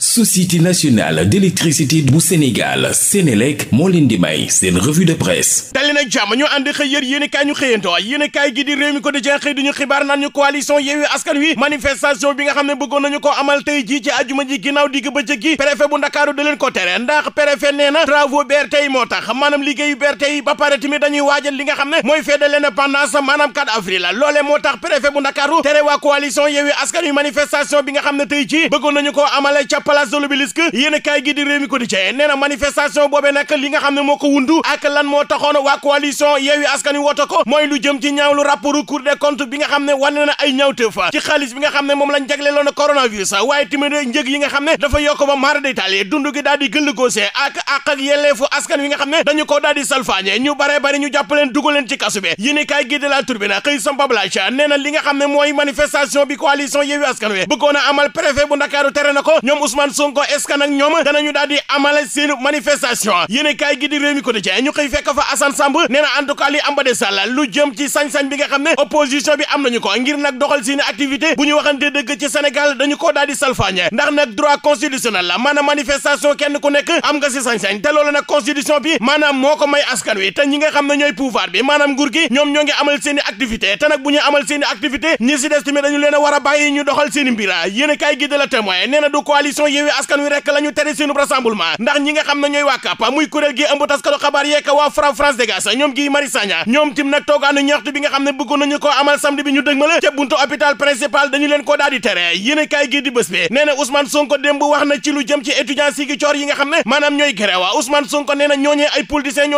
société nationale d'électricité bu Sénégal Sénélec moo leen di may seen revue de presse dali jàmm ñu ànd xëy yër yéen ñu xëyantoo yéen i gi di réew mi ko di jenxëy di ñu xibaar naan ñu coalition Askan Wi manifestation bi nga xam ne bëggoon nañu ko amal tey jii ci àjuma ji ginnaaw digg bëccëg gi préfet bu Ndakaaru da ko tere ndax préfet nee na travaux yi moo tax maanaam liggéeyu BRT yi ba pare tamit dañuy waajal li nga xam mooy fête de moo tax préfet bu Ndakaaru tere bi nga xam ne tey jii bëggoon ko amale place de l'Obélisque yéen a kaay gi di réew mi ko di cee nee na manifestation boobee nag li nga xam ne moo ko wundu ak lan moo taxoon waa coalition Yewwi Askan Wi nga xam ne wane na ay ñaawteef ci xaalis waaye tamit njëg yi nga xam ne dafa yokk ba mara détaillé dund gi daal di gëllëgoose ak àq ak yelleefu askan wi nga xam ne dañu ko daal di salfaañe ñu bare bari ñu jàpp leen dugal leen ci kasu bi yéen a kaay gi de la Tribune xëy sam Ousmane Sonko est-ce que nag ñoom danañu daal di amale seen manifestation yéen kaay gi di réew mi ko di ñu xëy fekk fa Assane Samb nee na en tout cas li am ba de lu jëm ci sañ-sañ bi nga xam ne opposition bi am nañu ko ngir nag doxal seen activité bu ñu waxante dëgg ci Sénégal dañu koo daal di salfaañe ndax nag droit constitutionnel la maanaam manifestation kenn ku nekk am nga si sañ-sañ te loolu nag constitution bi maanaam moo ko may askan wi te ñi nga xam ne ñooy pouvoir bi maanaam ñoo ngi amal seen i activité te i activité leen a war a bàyyi ñu Yewwi Askan Wi rek la ñu tere seenub rassemblement ndax ñi nga xam ne ñooy waa muy kuréel gi ëmb taskatu xabaar yeeka waa Fra France Dégage ñoom gi Mari Sagna ñoom tim nag toogaanu ñaxtu bi nga xam ne bëggoon nañu ko amal samedi bi ñu dëgmal ca buntu hôpital principal dañu leen ko daal tere yéen a kaay di bés bi nee na Ousmane Sonko démb wax na ci lu jëm ci étudiant si yi nga xam ne maanaam ñooy gréwa Ousmane Sonko nee na ñooñee ay politiciens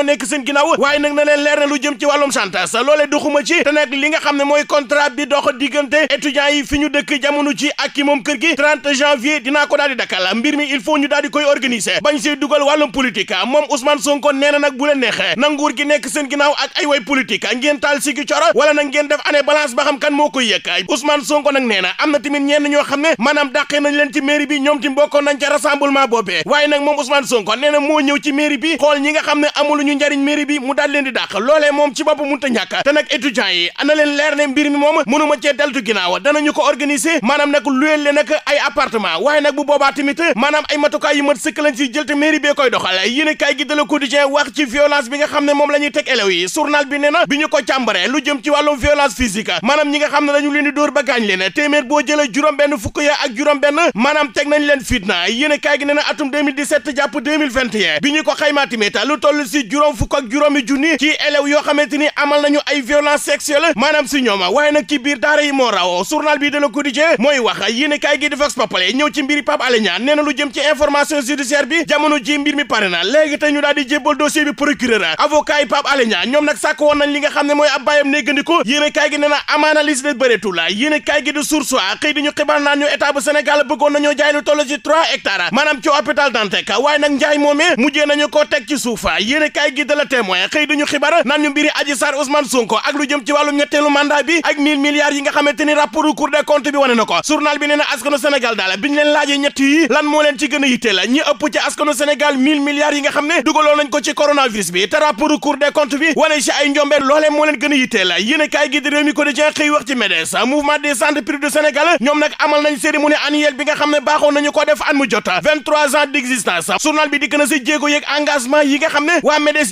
dakkal mbir mi il faut ñu daal koy organiser bañ siy dugal wàllum politique moom Ousmane Sonko nee na nag bu leen na nguur gi nekk seen ginnaaw ak ay way politique ngeen taal si coro wala nag ngeen def année balance ba kan moo koy yëkk Ousmane Sonko nag nee na am na tamit ñenn ñoo ne maanaam dàqee nañ leen ci mairie bi ñoom tim bokkoon nañ ca rassemblement boobee waaye nag moom Ousmane Sonko nee na moo ñëw ci mairie bi xool ñi nga xam ne amuluñu njariñ mairie boobaa tamit ay matukaay yu mat sëkk lañ ci jël te mairie bee koy doxal yéen kaay gi de la quotidien wax ci violence bi nga xam ne moom la ñuy teg élèves yi journal bi nee na bi ñu ko càmbare lu jëm ci wàllum violence physique maanaam ñi nga xam ne dañu leen di dóor ba gaañ leen téeméer boo jëlee juróom benn fukk ya ak juróom benn maanaam teg nañ leen fitna yéen kaay gi nee na atum 2017 jàpp 2021 bi ñu ko xaymaa tamit lu toll si juróom fukk ak juróomi yi moo bi de ci mbiri Aly lu jëm ci information judiciaire bi jamono ji mbir mi pare na léegi te ñu daal di jébbal dossier bi procureur a avocat yi Pape ñoom nag sàkk woon xam ne mooy ab bàyyam néggandiku yéen a gi nee amaana li si la yéen a gi di source xëy di ñu xibaar naan ñu état bu Sénégal bëggoon nañoo jaay lu toll ci trois hectares maanaam ci hôpital Dantec waaye nag njaay moomee mujjee nañu koo teg ci suufa yéen a gi da la xëy di ñu xibaar naan ñu mbiri Adji ñett lan moo leen ci gën a yitte ëpp ci askanu Sénégal mille yi nga xam ne dugaloon ko ci coronavirus bi te rapport Cour des bi wane si ay njombe loolee moo leen gën a yitte la yéen a kaay gi di Rewmi Quotidien xëy wax ci MEDES mouvement des centres prix du Sénégal ñoom nag amal nañ cérémonie annuelle bi nga xam ne baaxoon nañu ko def an mu vingt-trois ans d'existence journal bi dikk na si jéego yeeg engagement yi nga xam ne waa MEDES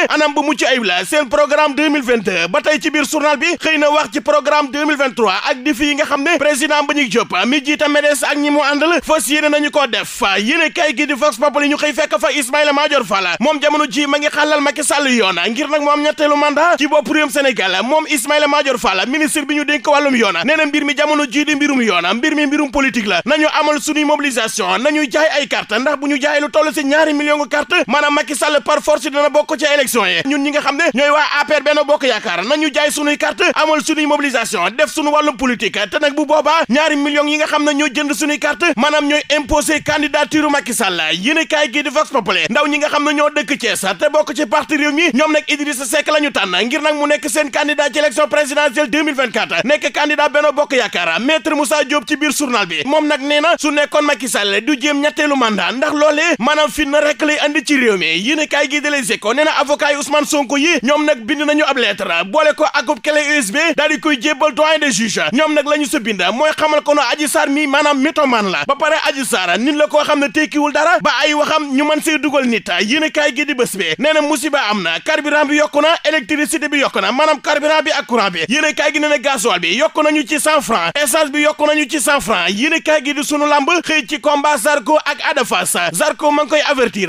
ne anam bu mucc ayib la seen programme 2022 ba tey ci biir journal bi xëy na wax ci programme 2023 ak défi yi nga xam ne président Mbagnick Diop mi jiite MEDES ak ñi mu àndal fas yéene nañu koo def yéene kay gi di Vox Populi ñu xëy fekk fa Ismaïla Madior Fall moom jamono ji ma ngi xàllal Macky Sall yoon ngir nag moom ñetteelu mandat ci bopp réewum Sénégal moom Ismaïla Madior Fall ministre bi ñu dénk wàllum yoon nee na mbir mi jamono ji di mbirum yoon élection yi ñun ñi nga xam ne ñooy waa APR benn bokk yaakaar nañu jaay sunuy carte amal sunuy mobilisation def sunuy carte maanaam ñooy imposé candidature Macky Sall yéen kaay gii Vox Populi ndaw ñi nga xam ñoo dëkk Thiès te bokk ci parti réew mi ñoom nag Idrissa Seck la ñu tànn ngir nag mu nekk seen candidat ci élection présidentielle nekk candidat benn bokk yaakaar maître Moussa Diop ci biir journal bi moom nag nee na su nekkoon Macky du jéem ñetteelu mandat avocats yi Ousmane Sonko yi ñoom nag bind nañu ab lettre boole ko akub clé USB daal di koy jébbal doyen des juges ñoom nag la ñu sa mooy xamal ko no Adji Sarr mi maanaam la ba pare Adji Sarr nit la koo xam ne tekkiwul dara ba ay waxam ñu mën see dugal nit yéen a kaay gi di bés musiba am na carburant bi yokku na bi yokku na maanaam bi ak courant bi yéen a kaay gi nee sunu lamb xëy ci combat Zarko ak Ada Fass Zarko ma koy avertir